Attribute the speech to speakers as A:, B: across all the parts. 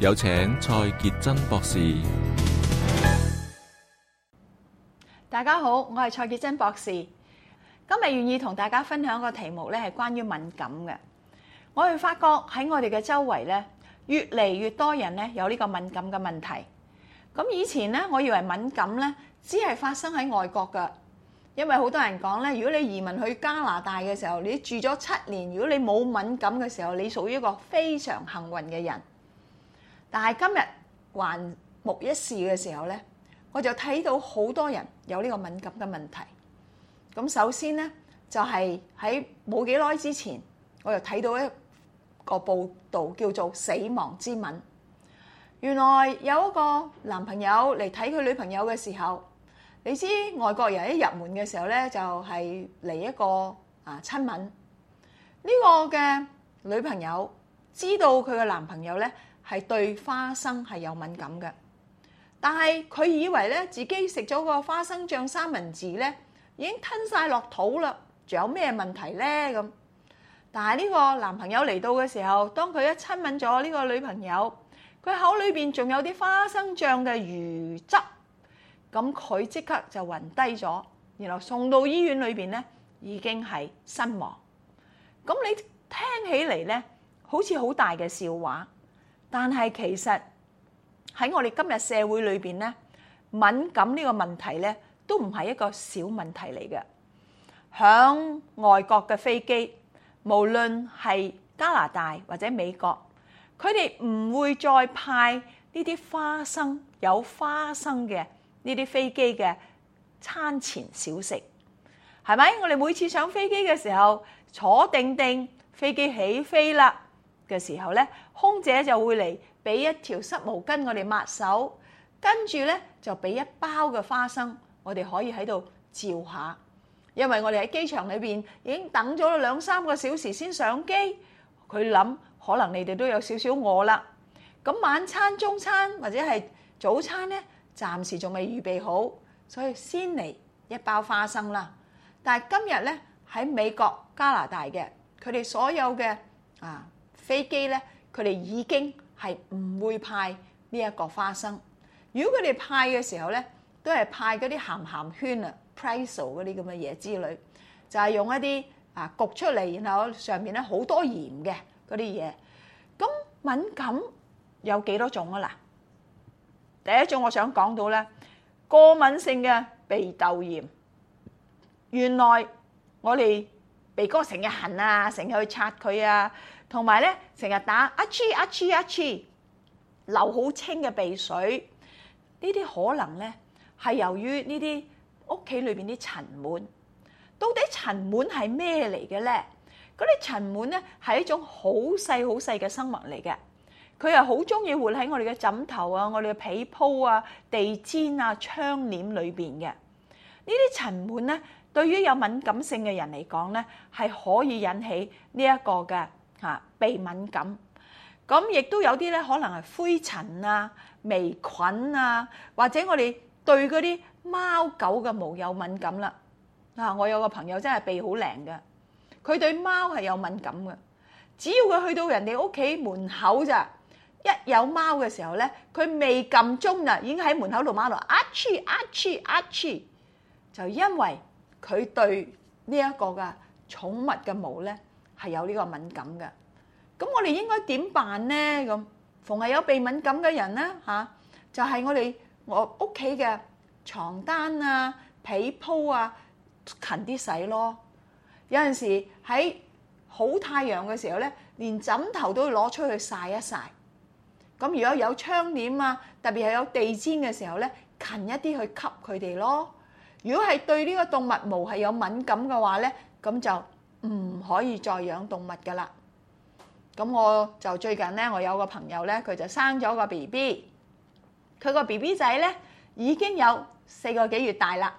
A: 有請蔡潔真博士。
B: 大家好，我係蔡潔真博士。今日願意同大家分享個題目咧，係關於敏感嘅。我會發覺喺我哋嘅周圍咧，越嚟越多人咧有呢個敏感嘅問題。咁以前咧，我以為敏感咧只係發生喺外國噶，因為好多人講咧，如果你移民去加拿大嘅時候，你住咗七年，如果你冇敏感嘅時候，你屬於一個非常幸運嘅人。但係今日還目一視嘅時候咧，我就睇到好多人有呢個敏感嘅問題。咁首先咧，就係喺冇幾耐之前，我就睇到一個報道，叫做《死亡之吻》。原來有一個男朋友嚟睇佢女朋友嘅時候，你知外國人一入門嘅時候咧，就係嚟一個啊親吻。呢個嘅女朋友知道佢嘅男朋友咧。係對花生係有敏感嘅，但係佢以為咧自己食咗個花生醬三文治咧，已經吞晒落肚啦，仲有咩問題咧咁？但係呢個男朋友嚟到嘅時候，當佢一親吻咗呢個女朋友，佢口裏邊仲有啲花生醬嘅餘汁，咁佢即刻就暈低咗，然後送到醫院裏邊咧已經係身亡。咁你聽起嚟咧，好似好大嘅笑話。但係其實喺我哋今日社會裏邊咧，敏感呢個問題咧，都唔係一個小問題嚟嘅。響外國嘅飛機，無論係加拿大或者美國，佢哋唔會再派呢啲花生有花生嘅呢啲飛機嘅餐前小食，係咪？我哋每次上飛機嘅時候，坐定定，飛機起飛啦。嘅時候咧，空姐就會嚟俾一條濕毛巾，我哋抹手，跟住咧就俾一包嘅花生，我哋可以喺度照下。因為我哋喺機場裏邊已經等咗兩三個小時先上機，佢諗可能你哋都有少少餓啦。咁晚餐、中餐或者係早餐咧，暫時仲未預備好，所以先嚟一包花生啦。但係今日咧喺美國加拿大嘅佢哋所有嘅啊。飛機咧，佢哋已經係唔會派呢一個花生。如果佢哋派嘅時候咧，都係派嗰啲鹹鹹圈啊、pretzel 嗰啲咁嘅嘢之類，就係用一啲啊焗出嚟，然後上面咧好多鹽嘅嗰啲嘢。咁敏感有幾多種啊？嗱，第一種我想講到咧，過敏性嘅鼻竇炎。原來我哋鼻哥成日痕啊，成日去擦佢啊。同埋咧，成日打阿嚏阿嚏阿嚏，流好清嘅鼻水。呢啲可能咧係由於呢啲屋企裏邊啲塵蟎。到底塵蟎係咩嚟嘅咧？嗰啲塵蟎咧係一種好細好細嘅生物嚟嘅。佢係好中意活喺我哋嘅枕頭啊、我哋嘅被鋪啊、地氈啊、窗簾裏邊嘅。呢啲塵蟎咧，對於有敏感性嘅人嚟講咧，係可以引起呢一個嘅。嚇鼻敏感，咁亦都有啲咧，可能係灰塵啊、微菌啊，或者我哋對嗰啲貓狗嘅毛有敏感啦。嗱，我有個朋友真係鼻好靈㗎，佢對貓係有敏感嘅。只要佢去到人哋屋企門口咋，一有貓嘅時候咧，佢未撳鐘嗱，已經喺門口度貓來啊黐啊黐啊黐，就因為佢對呢一個嘅寵物嘅毛咧。係有呢個敏感嘅，咁我哋應該點辦呢？咁逢係有鼻敏感嘅人咧，吓，就係我哋我屋企嘅床單啊、被鋪啊，勤啲洗咯。有陣時喺好太陽嘅時候咧，連枕頭都要攞出去曬一曬。咁如果有窗簾啊，特別係有地氈嘅時候咧，勤一啲去吸佢哋咯。如果係對呢個動物毛係有敏感嘅話咧，咁就。唔可以再養動物㗎啦。咁我就最近咧，我有個朋友咧，佢就生咗個 BB。佢個 BB 仔咧已經有四個幾月大啦。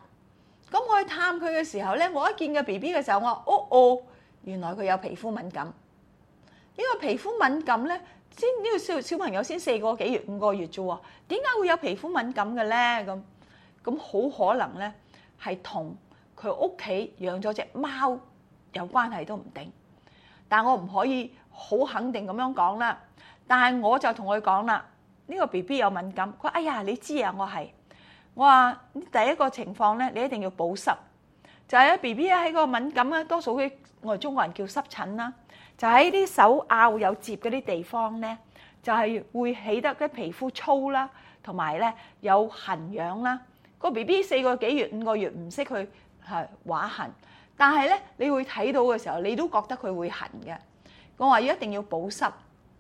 B: 咁我去探佢嘅時候咧，我一見個 BB 嘅時候，我話哦哦，原來佢有皮膚敏感。呢個皮膚敏感咧，先呢個小小朋友先四個幾月五個月啫喎，點解會有皮膚敏感嘅咧？咁咁好可能咧係同佢屋企養咗隻貓，有關係都唔定，但我唔可以好肯定咁樣講啦。但係我就同佢講啦，呢個 B B 有敏感，佢話：哎呀，你知啊，我係。我話第一個情況咧，你一定要保濕。就係 B B 喺個敏感咧，多數啲我哋中國人叫濕疹啦。就喺啲手拗有摺嗰啲地方咧，就係會起得啲皮膚粗啦，同埋咧有痕癢啦。個 B B 四個幾月五個月唔識去係畫痕，但係咧，你會睇到嘅時候，你都覺得佢會痕嘅。我話要一定要保濕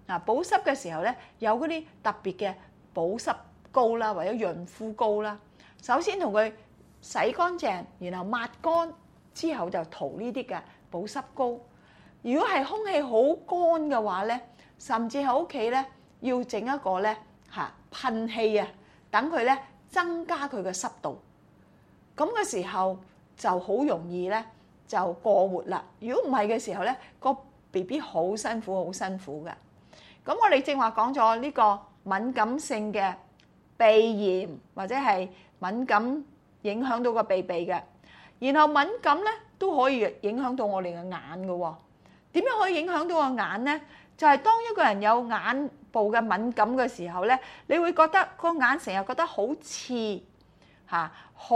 B: 啊！保濕嘅時候咧，有嗰啲特別嘅保濕膏啦，或者潤膚膏啦。首先同佢洗乾淨，然後抹乾之後就塗呢啲嘅保濕膏。如果係空氣好乾嘅話咧，甚至喺屋企咧要整一個咧嚇噴氣啊，等佢咧增加佢嘅濕度。咁嘅時候就好容易咧。就過活啦。如果唔係嘅時候咧，個 BB 好辛苦，好辛苦嘅。咁我哋正話講咗呢個敏感性嘅鼻炎，或者係敏感影響到個鼻鼻嘅。然後敏感咧都可以影響到我哋嘅眼嘅。點樣可以影響到個眼咧？就係當一個人有眼部嘅敏感嘅時候咧，你會覺得個眼成日覺得好刺嚇，好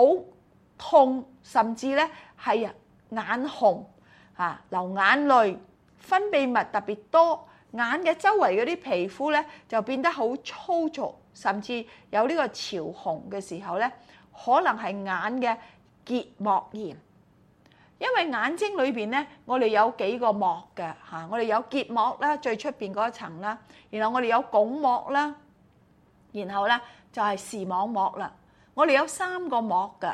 B: 痛，甚至咧係。眼紅啊，流眼淚，分泌物特別多，眼嘅周圍嗰啲皮膚咧就變得好粗糙，甚至有呢個潮紅嘅時候咧，可能係眼嘅結膜炎，因為眼睛裏邊咧我哋有幾個膜嘅嚇，我哋有結膜啦，最出邊嗰一層啦，然後我哋有鞏膜啦，然後咧就係視網膜啦，我哋有三個膜㗎，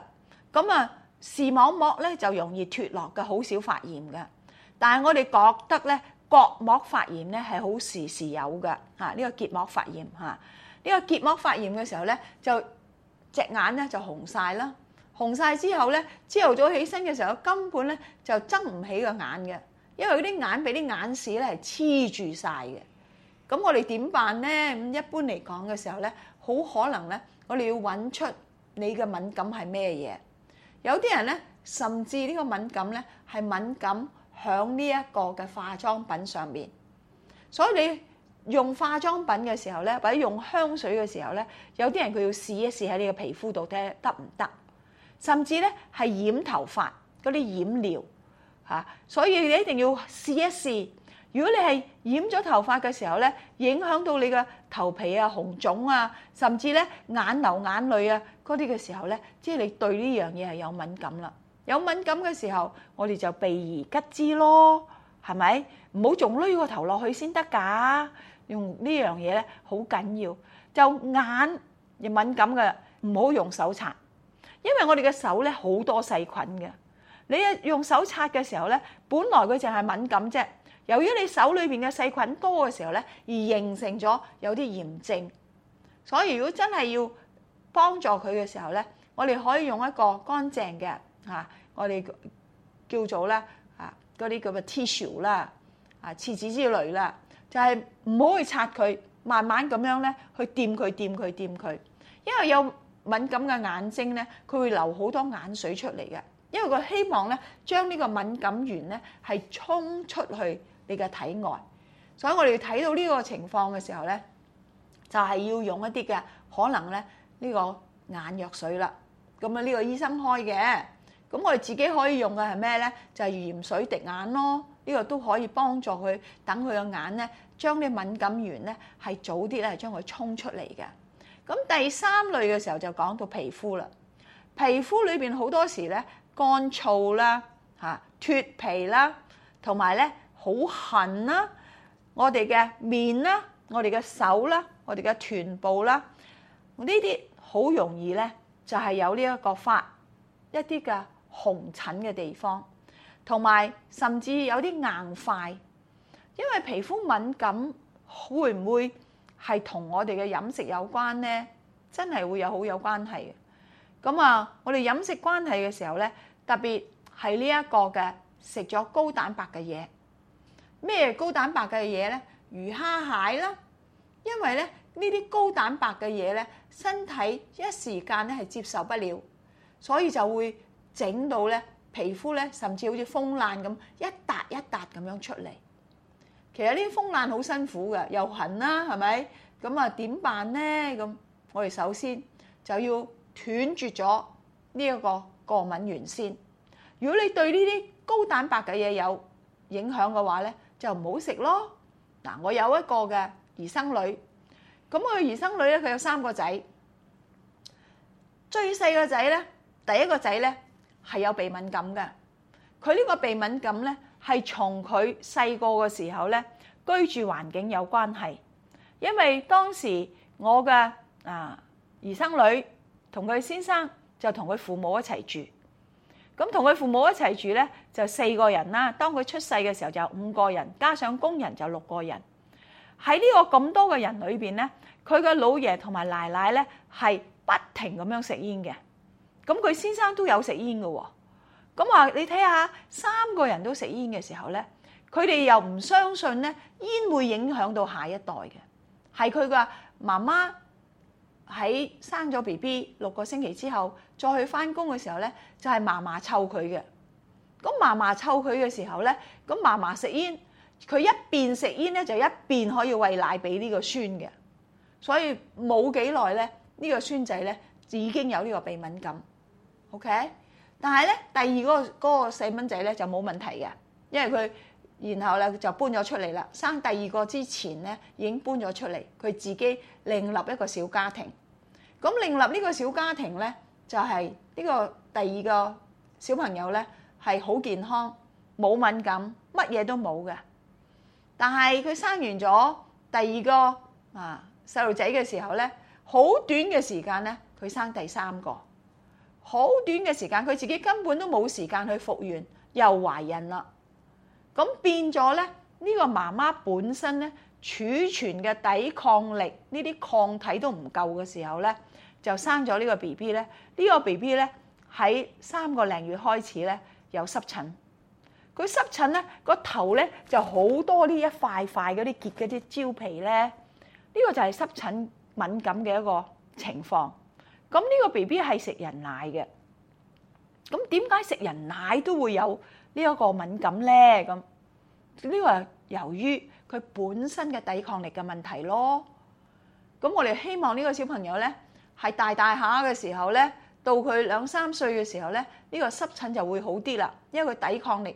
B: 咁啊。視網膜咧就容易脫落嘅，好少發炎嘅。但係我哋覺得咧，角膜發炎咧係好時時有嘅。嚇、啊，呢、呢個結膜發炎嚇，呢、啊呢個結膜發炎嘅時候咧，就隻眼咧就紅晒啦。紅晒之後咧，朝頭早起身嘅時候根本咧就睜唔起個眼嘅，因為嗰啲眼俾啲眼屎咧係黐住晒嘅。咁我哋點辦咧？咁一般嚟講嘅時候咧，好可能咧，我哋要揾出你嘅敏感係咩嘢。有啲人咧，甚至呢個敏感咧，係敏感響呢一個嘅化妝品上面。所以你用化妝品嘅時候咧，或者用香水嘅時候咧，有啲人佢要試一試喺你嘅皮膚度睇得唔得，甚至咧係染頭髮嗰啲染料嚇，啊，所以你一定要試一試。如果你係染咗頭髮嘅時候咧，影響到你嘅頭皮啊、紅腫啊，甚至咧眼流眼淚啊嗰啲嘅時候咧，即係你對呢樣嘢係有敏感啦。有敏感嘅時候，我哋就避而吉之咯，係咪？唔好仲攣個頭落去先得㗎。用呢樣嘢咧好緊要，就眼有敏感嘅，唔好用手擦，因為我哋嘅手咧好多細菌嘅。你一用手擦嘅時候咧，本來佢淨係敏感啫。由於你手裏邊嘅細菌多嘅時候咧，而形成咗有啲炎症，所以如果真係要幫助佢嘅時候咧，我哋可以用一個乾淨嘅嚇，我哋叫做咧嚇嗰啲叫做 tissue 啦，啊廁紙之類啦，就係唔好去擦佢，慢慢咁樣咧去掂佢、掂佢、掂佢，因為有敏感嘅眼睛咧，佢會流好多眼水出嚟嘅，因為佢希望咧將呢個敏感源咧係衝出去，你嘅體外，所以我哋睇到呢個情況嘅時候咧，就係要用一啲嘅可能咧呢個眼藥水啦。咁啊，呢個醫生開嘅，咁我哋自己可以用嘅係咩咧？就係鹽水滴眼咯。呢個都可以幫助佢等佢嘅眼咧，將啲敏感源咧係早啲咧，將佢沖出嚟嘅。咁第三類嘅時候就講到皮膚啦，皮膚裏邊好多時咧乾燥啦嚇脱皮啦，同埋咧。好痕啦，我哋嘅面啦，我哋嘅手啦，我哋嘅臀部啦，呢啲好容易咧，就係有呢一個發一啲嘅紅疹嘅地方，同埋甚至有啲硬塊。因為皮膚敏感會唔會係同我哋嘅飲食有關呢？真係會有好有關係嘅。咁啊，我哋飲食關係嘅時候咧，特別係呢一個嘅食咗高蛋白嘅嘢。咩高蛋白嘅嘢咧？魚、蝦、蟹啦，因為咧呢啲高蛋白嘅嘢咧，身體一時間咧係接受不了，所以就會整到咧皮膚咧，甚至好似風癩咁一笪一笪咁樣出嚟。其實呢啲風癩好辛苦㗎，又痕啦，係咪咁啊？點辦咧？咁我哋首先就要斷絕咗呢一個過敏原先。如果你對呢啲高蛋白嘅嘢有影響嘅話咧，就唔好食咯。嗱，我有一個嘅兒生女，咁我嘅兒生女咧，佢有三個仔，最細個仔咧，第一個仔咧係有鼻敏感嘅。佢呢個鼻敏感咧，係從佢細個嘅時候咧，居住環境有關係，因為當時我嘅啊兒生女同佢先生就同佢父母一齊住。咁同佢父母一齊住咧，就四個人啦。當佢出世嘅時候就五個人，加上工人就六個人。喺呢個咁多個人裏邊咧，佢嘅老爺同埋奶奶咧係不停咁樣食煙嘅。咁佢先生都有食煙嘅喎、哦。咁話你睇下，三個人都食煙嘅時候咧，佢哋又唔相信咧煙會影響到下一代嘅，係佢嘅媽媽。喺生咗 B B 六個星期之後，再去翻工嘅時候咧，就係嫲嫲湊佢嘅。咁嫲嫲湊佢嘅時候咧，咁嫲嫲食煙，佢一邊食煙咧，就一邊可以餵奶俾呢個孫嘅。所以冇幾耐咧，這個、孫呢個孫仔咧已經有呢個鼻敏感。OK，但係咧第二嗰個嗰個細蚊仔咧就冇問題嘅，因為佢然後咧就搬咗出嚟啦。生第二個之前咧已經搬咗出嚟，佢自己另立一個小家庭。咁另立呢個小家庭咧，就係呢個第二個小朋友咧，係好健康，冇敏感，乜嘢都冇嘅。但係佢生完咗第二個啊細路仔嘅時候咧，好短嘅時間咧，佢生第三個，好短嘅時間，佢自己根本都冇時間去復原，又懷孕啦。咁變咗咧，呢個媽媽本身咧，儲存嘅抵抗力，呢啲抗體都唔夠嘅時候咧。就生咗呢、這個 B B 咧，呢個 B B 咧喺三個零月開始咧有濕疹，佢濕疹咧個頭咧就好多一塊塊呢一塊塊嗰啲結嗰啲焦皮咧，呢、這個就係濕疹敏感嘅一個情況。咁、嗯、呢、這個 B B 係食人奶嘅，咁點解食人奶都會有呢一個敏感咧？咁、嗯、呢、這個係由於佢本身嘅抵抗力嘅問題咯。咁、嗯、我哋希望呢個小朋友咧。係大大下嘅時候咧，到佢兩三歲嘅時候咧，呢、這個濕疹就會好啲啦，因為佢抵抗力。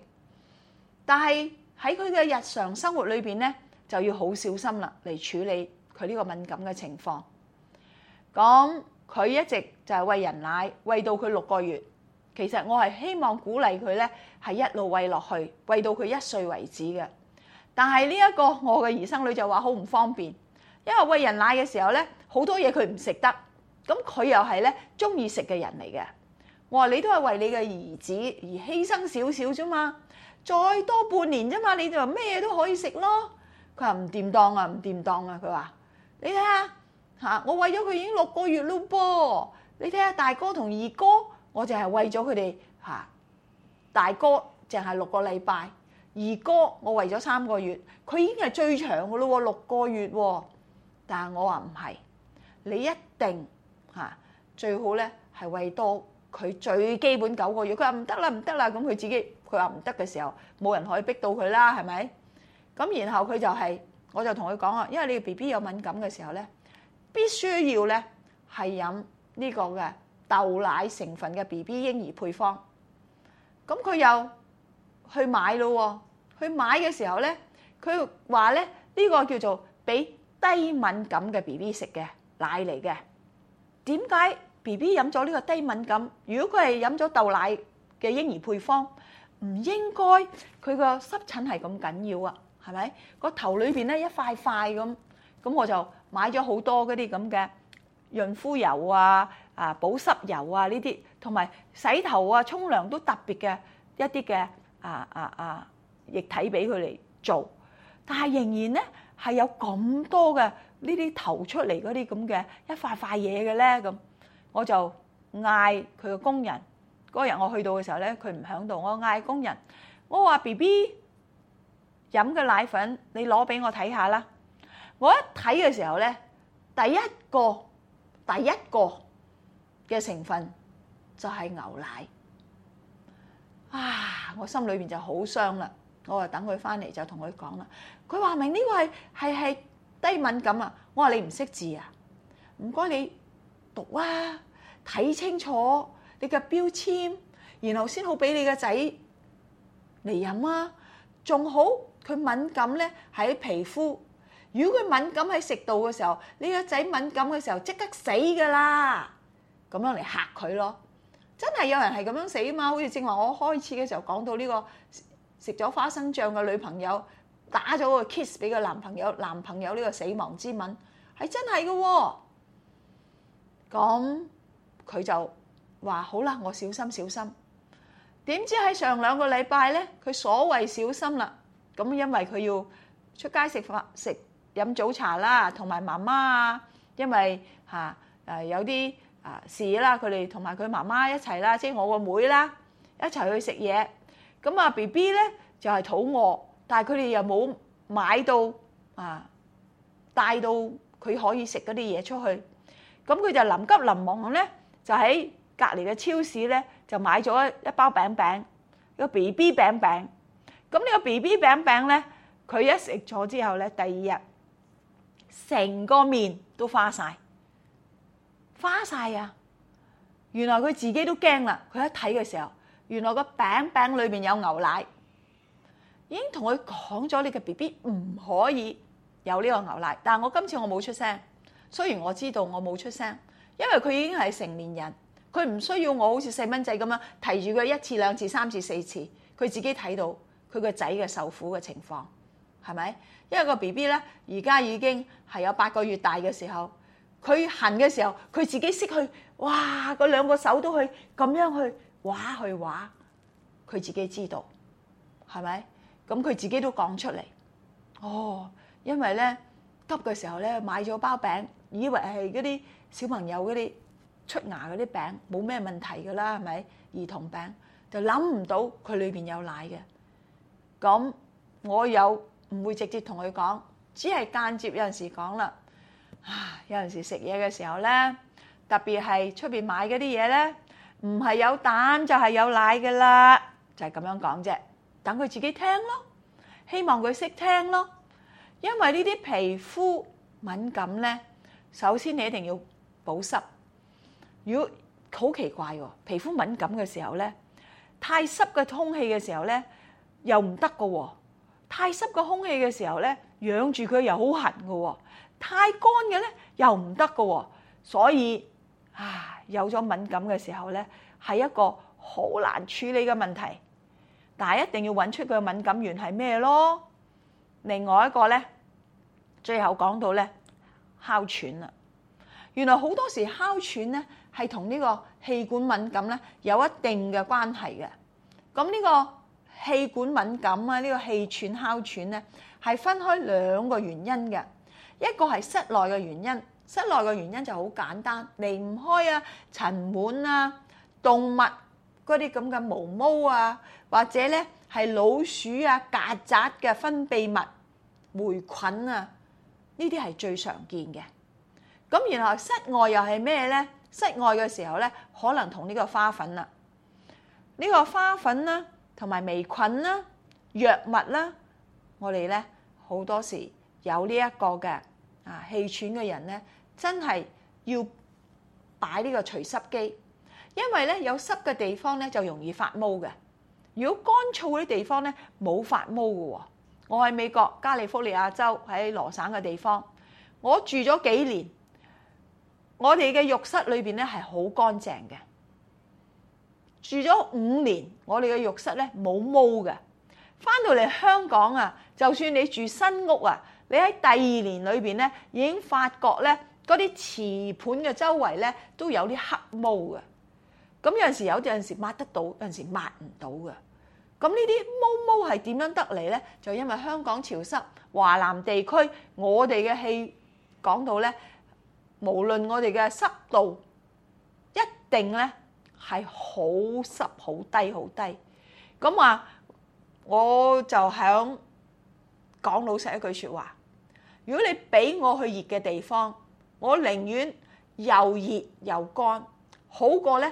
B: 但係喺佢嘅日常生活裏邊咧，就要好小心啦，嚟處理佢呢個敏感嘅情況。咁、嗯、佢一直就係餵人奶，餵到佢六個月。其實我係希望鼓勵佢咧，係一路餵落去，餵到佢一歲為止嘅。但係呢一個我嘅兒生女就話好唔方便，因為餵人奶嘅時候咧，好多嘢佢唔食得。咁佢又係咧，中意食嘅人嚟嘅。我話你都係為你嘅兒子而犧牲少少啫嘛，再多半年啫嘛，你就話咩都可以食咯。佢話唔掂當啊，唔掂當啊。佢話你睇下嚇，我為咗佢已經六個月咯噃。你睇下大哥同二哥，我淨係為咗佢哋嚇。大哥淨係六個禮拜，二哥我為咗三個月，佢已經係最長嘅咯喎，六個月。但係我話唔係，你一定。嚇，最好咧，係餵多佢最基本九個月。佢話唔得啦，唔得啦。咁佢自己佢話唔得嘅時候，冇人可以逼到佢啦，係咪？咁然後佢就係我就同佢講啊，因為你個 B B 有敏感嘅時候咧，必須要咧係飲呢個嘅豆奶成分嘅 B B 嬰兒配方。咁佢又去買咯，去買嘅時候咧，佢話咧呢個叫做俾低敏感嘅 B B 食嘅奶嚟嘅。點解 BB 飲咗呢個低敏感？如果佢係飲咗豆奶嘅嬰兒配方，唔應該佢個濕疹係咁緊要啊？係咪個頭裏邊咧一塊塊咁？咁我就買咗好多嗰啲咁嘅潤膚油啊、啊保濕油啊呢啲，同埋洗頭啊、沖涼都特別嘅一啲嘅啊啊啊液體俾佢嚟做，但係仍然咧係有咁多嘅。呢啲投出嚟嗰啲咁嘅一塊塊嘢嘅咧咁，我就嗌佢個工人。嗰日我去到嘅時候咧，佢唔響度，我嗌工人，我話 BB，飲嘅奶粉，你攞俾我睇下啦。我一睇嘅時候咧，第一個第一個嘅成分就係牛奶。啊！我心裏邊就好傷啦。我話等佢翻嚟就同佢講啦。佢話明呢個係係係，低敏感啊！我話你唔識字啊，唔該你讀啊，睇清楚你嘅標籤，然後先好俾你個仔嚟飲啊。仲好佢敏感咧喺皮膚，如果佢敏感喺食道嘅時候，你個仔敏感嘅時候即刻死噶啦。咁樣嚟吓佢咯。真係有人係咁樣死嘛？好似正話我開始嘅時候講到呢個食咗花生醬嘅女朋友。打咗個 kiss 俾個男朋友，男朋友呢個死亡之吻係真係嘅喎。咁佢就話好啦，我小心小心。點知喺上兩個禮拜咧，佢所謂小心啦。咁因為佢要出街食飯，食飲早茶啦，同埋媽媽啊，因為嚇誒有啲啊事啦，佢哋同埋佢媽媽一齊啦，即係我個妹啦，一齊去食嘢。咁啊，B B 咧就係肚餓。但係佢哋又冇買到啊，帶到佢可以食嗰啲嘢出去，咁佢就臨急臨忙咁咧，就喺隔離嘅超市咧就買咗一包餅餅，個 BB 餅餅。咁呢個 BB 餅餅咧，佢一食咗之後咧，第二日成個面都花晒，花晒啊！原來佢自己都驚啦，佢一睇嘅時候，原來個餅餅裏邊有牛奶。已經同佢講咗，你嘅 B B 唔可以有呢個牛奶。但係我今次我冇出聲，雖然我知道我冇出聲，因為佢已經係成年人，佢唔需要我好似細蚊仔咁樣提住佢一次兩次三次四次，佢自己睇到佢個仔嘅受苦嘅情況，係咪？因為個 B B 咧而家已經係有八個月大嘅時候，佢痕嘅時候，佢自己識去，哇！佢兩個手都去咁樣去畫去畫，佢自己知道，係咪？咁佢自己都講出嚟，哦，因為咧急嘅時候咧買咗包餅，以為係嗰啲小朋友嗰啲出牙嗰啲餅冇咩問題㗎啦，係咪？兒童餅就諗唔到佢裏邊有奶嘅。咁我又唔會直接同佢講，只係間接有陣時講啦。啊，有陣時食嘢嘅時候咧，特別係出邊買嗰啲嘢咧，唔係有蛋就係有奶嘅啦，就係咁樣講啫。等佢自己聽咯，希望佢識聽咯。因為呢啲皮膚敏感咧，首先你一定要保濕。如果好奇怪喎，皮膚敏感嘅時候咧，太濕嘅空氣嘅時候咧，又唔得噶喎。太濕嘅空氣嘅時候咧，養住佢又好痕噶喎。太乾嘅咧又唔得噶喎。所以啊，有咗敏感嘅時候咧，係一個好難處理嘅問題。但係一定要揾出佢嘅敏感源係咩咯？另外一個咧，最後講到咧哮喘啦，原來好多時哮喘咧係同呢個氣管敏感咧有一定嘅關係嘅。咁呢個氣管敏感啊，呢個氣喘、哮喘咧係分開兩個原因嘅。一個係室內嘅原因，室內嘅原因就好簡單，離唔開啊塵蟎啊動物。嗰啲咁嘅毛毛啊，或者咧係老鼠啊、曱甴嘅分泌物、霉菌啊，呢啲係最常見嘅。咁然後室外又係咩咧？室外嘅時候咧，可能同呢個花粉啦，呢個花粉啦、同埋微菌啦、藥物啦，我哋咧好多時有呢一個嘅啊，氣喘嘅人咧，真係要擺呢個除濕機。因為咧有濕嘅地方咧就容易發毛嘅。如果乾燥嗰啲地方咧冇發毛嘅喎。我喺美國加利福尼亞州喺羅省嘅地方，我住咗幾年，我哋嘅浴室裏邊咧係好乾淨嘅。住咗五年，我哋嘅浴室咧冇毛嘅。翻到嚟香港啊，就算你住新屋啊，你喺第二年裏邊咧已經發覺咧嗰啲瓷盤嘅周圍咧都有啲黑毛嘅。咁有陣時有陣時，有陣時抹得到，有陣時抹唔到嘅。咁呢啲毛毛係點樣得嚟呢？就因為香港潮濕，華南地區我哋嘅氣講到呢，無論我哋嘅濕度一定呢係好濕，好低，好低。咁話我就響講老實一句説話，如果你俾我去熱嘅地方，我寧願又熱又乾，好過呢。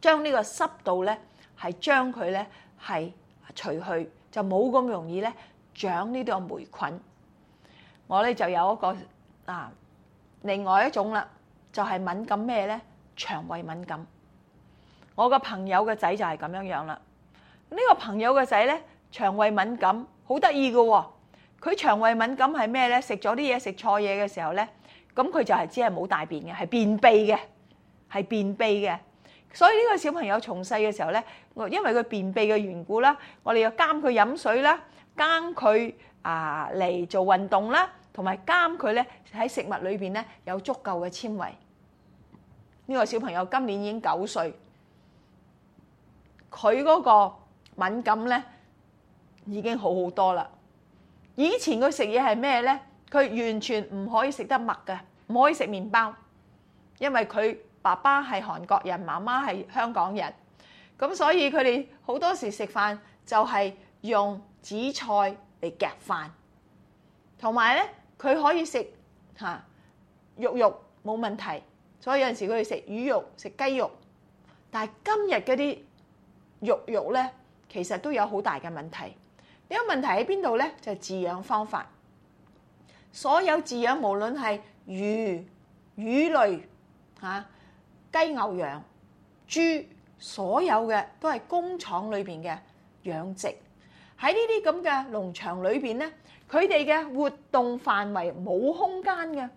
B: 將呢個濕度咧，係將佢咧係除去，就冇咁容易咧長呢啲個黴菌。我咧就有一個啊，另外一種啦，就係敏感咩咧？腸胃敏感。我個朋友嘅仔就係咁樣樣啦。呢個朋友嘅仔咧，腸胃敏感，好得意嘅喎。佢腸胃敏感係咩咧？食咗啲嘢食錯嘢嘅時候咧，咁佢就係只係冇大便嘅，係便秘嘅，係便秘嘅。所以呢個小朋友從細嘅時候咧，因為佢便秘嘅緣故啦，我哋又監佢飲水啦，監佢啊嚟做運動啦，同埋監佢咧喺食物裏邊咧有足夠嘅纖維。呢個小朋友今年已經九歲，佢嗰個敏感咧已經好好多啦。以前佢食嘢係咩咧？佢完全唔可以食得麥嘅，唔可以食麵包，因為佢。爸爸係韓國人，媽媽係香港人，咁所以佢哋好多時食飯就係用紫菜嚟夾飯，同埋咧佢可以食嚇、啊、肉肉冇問題，所以有陣時佢哋食魚肉、食雞肉，但係今日嗰啲肉肉咧其實都有好大嘅問題。呢個問題喺邊度咧？就係飼養方法。所有飼養無論係魚、魚類嚇。啊雞、牛、羊、豬，所有嘅都係工廠裏邊嘅養殖。喺呢啲咁嘅農場裏邊咧，佢哋嘅活動範圍冇空間嘅，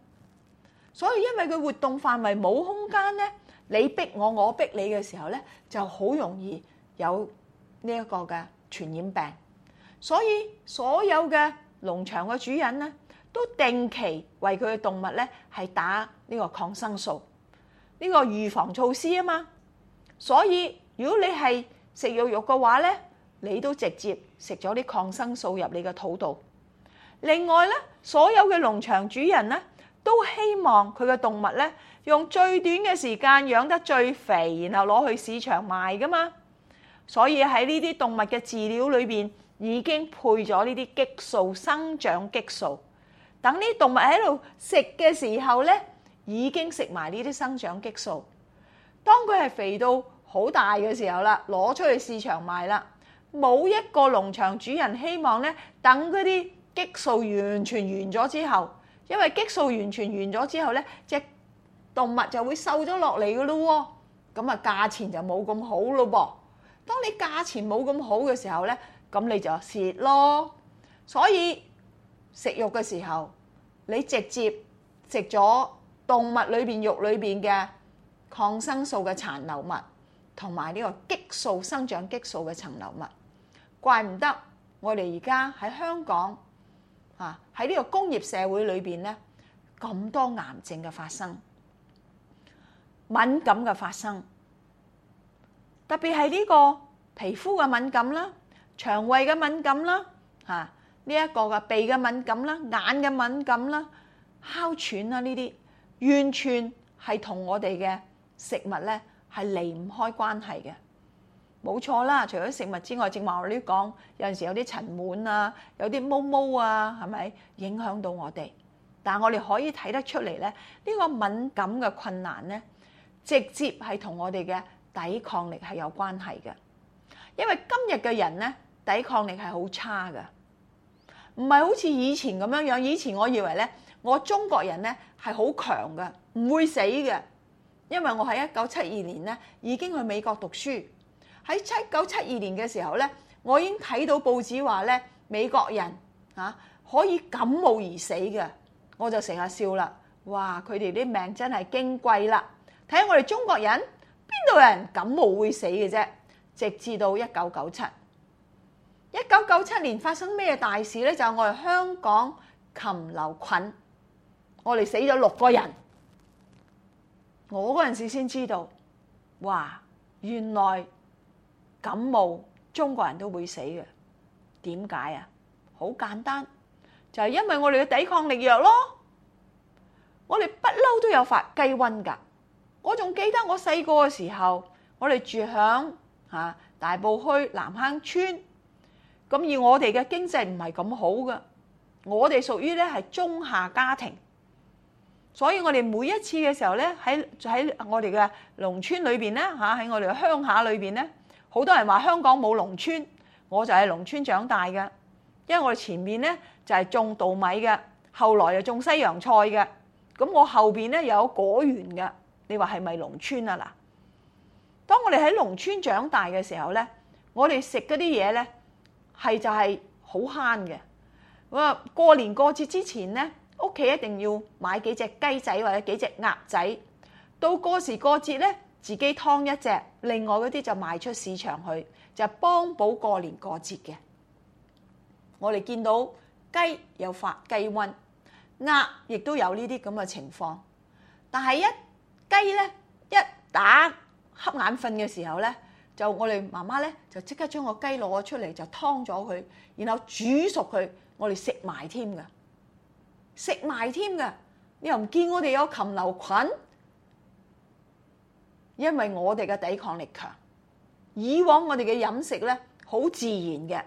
B: 所以因為佢活動範圍冇空間咧，你逼我我逼你嘅時候咧，就好容易有呢一個嘅傳染病。所以所有嘅農場嘅主人咧，都定期為佢嘅動物咧係打呢個抗生素。呢個預防措施啊嘛，所以如果你係食肉肉嘅話咧，你都直接食咗啲抗生素入你嘅肚度。另外咧，所有嘅農場主人咧都希望佢嘅動物咧用最短嘅時間養得最肥，然後攞去市場賣㗎嘛。所以喺呢啲動物嘅飼料裏邊已經配咗呢啲激素、生長激素，等呢啲動物喺度食嘅時候咧。已經食埋呢啲生長激素。當佢係肥到好大嘅時候啦，攞出去市場賣啦，冇一個農場主人希望咧等嗰啲激素完全完咗之後，因為激素完全完咗之後咧，隻動物就會瘦咗落嚟嘅咯喎。咁啊，價錢就冇咁好咯噃。當你價錢冇咁好嘅時候咧，咁你就蝕咯。所以食肉嘅時候，你直接食咗動物裏邊肉裏邊嘅抗生素嘅殘留物，同埋呢個激素生長激素嘅殘留物，怪唔得我哋而家喺香港啊，喺呢個工業社會裏邊咧，咁多癌症嘅發生，敏感嘅發生，特別係呢個皮膚嘅敏感啦、腸胃嘅敏感啦、啊呢一個嘅鼻嘅敏感啦、眼嘅敏感啦、哮喘啦呢啲。完全係同我哋嘅食物咧，係離唔開關係嘅，冇錯啦。除咗食物之外，正話我哋都講，有陣時有啲塵蟎啊，有啲毛毛啊，係咪影響到我哋？但係我哋可以睇得出嚟咧，呢個敏感嘅困難咧，直接係同我哋嘅抵抗力係有關係嘅。因為今日嘅人咧，抵抗力係好差噶，唔係好似以前咁樣樣。以前我以為咧。我中國人咧係好強嘅，唔會死嘅，因為我喺一九七二年咧已經去美國讀書。喺一九七二年嘅時候咧，我已經睇到報紙話咧，美國人啊可以感冒而死嘅，我就成日笑啦。哇！佢哋啲命真係矜貴啦。睇下我哋中國人邊度有人感冒會死嘅啫？直至到一九九七一九九七年發生咩大事咧？就係、是、我哋香港禽流菌。我哋死咗六個人，我嗰陣時先知道，嘩，原來感冒中國人都會死嘅，點解啊？好簡單，就係因為我哋嘅抵抗力弱咯。我哋不嬲都有發雞瘟㗎。我仲記得我細個嘅時候，我哋住響啊大埔墟南坑村，咁而我哋嘅經濟唔係咁好㗎，我哋屬於咧係中下家庭。所以我哋每一次嘅時候咧，喺喺我哋嘅農村裏邊咧，嚇喺我哋鄉下裏邊咧，好多人話香港冇農村，我就係農村長大嘅，因為我哋前面咧就係種稻米嘅，後來又種西洋菜嘅，咁我後邊咧有果園嘅，你話係咪農村啊嗱？當我哋喺農村長大嘅時候咧，我哋食嗰啲嘢咧係就係好慳嘅，咁啊過年過節之前咧。屋企一定要買幾隻雞仔或者幾隻鴨仔，到過時過節咧，自己劏一隻，另外嗰啲就賣出市場去，就幫補過年過節嘅。我哋見到雞有發雞瘟，鴨亦都有呢啲咁嘅情況。但係一雞咧一打瞌眼瞓嘅時候咧，就我哋媽媽咧就即刻將個雞攞咗出嚟就劏咗佢，然後煮熟佢，我哋食埋添㗎。食埋添㗎，你又唔見我哋有禽流菌，因為我哋嘅抵抗力強，以往我哋嘅飲食咧好自然嘅，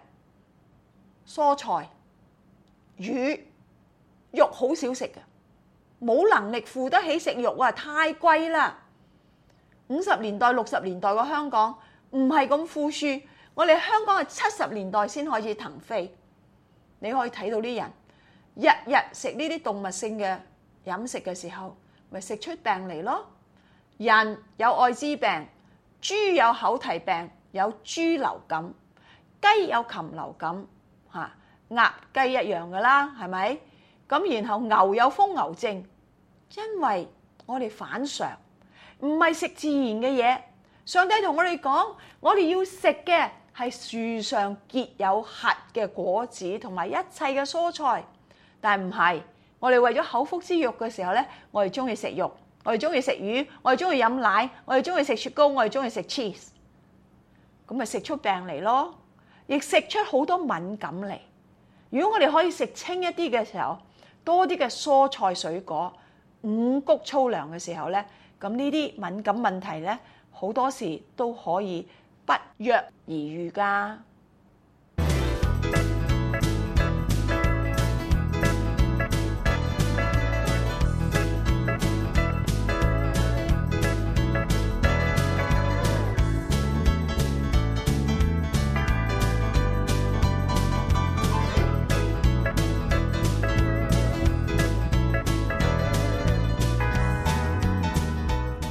B: 蔬菜、魚肉好少食㗎，冇能力付得起食肉啊！太貴啦！五十年代、六十年代嘅香港唔係咁富庶，我哋香港係七十年代先開始騰飛，你可以睇到啲人。日日食呢啲動物性嘅飲食嘅時候，咪食出病嚟咯。人有愛滋病，豬有口蹄病，有豬流感，雞有禽流感，嚇、啊，鴨、雞一樣噶啦，係咪咁？然後牛有瘋牛症，因為我哋反常，唔係食自然嘅嘢。上帝同我哋講，我哋要食嘅係樹上結有核嘅果子，同埋一切嘅蔬菜。但唔係，我哋為咗口腹之欲嘅時候咧，我哋中意食肉，我哋中意食魚，我哋中意飲奶，我哋中意食雪糕，我哋中意食 cheese，咁咪食出病嚟咯，亦食出好多敏感嚟。如果我哋可以食清一啲嘅時候，多啲嘅蔬菜水果、五穀粗糧嘅時候咧，咁呢啲敏感問題咧，好多時都可以不藥而愈噶。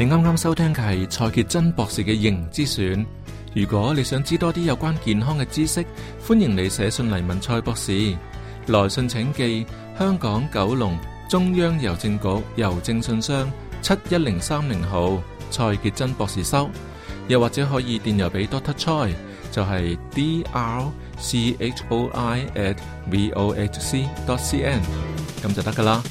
A: 啱啱收聽嘅係蔡潔真博士嘅營之選。如果你想知多啲有關健康嘅知識，歡迎你寫信嚟問蔡博士。來信請寄香港九龍中央郵政局郵政信箱七一零三零號蔡潔真博士收。又或者可以電郵俾 Dr. Choi，就係 d r c h o i at v o h c dot c n，咁就得噶啦。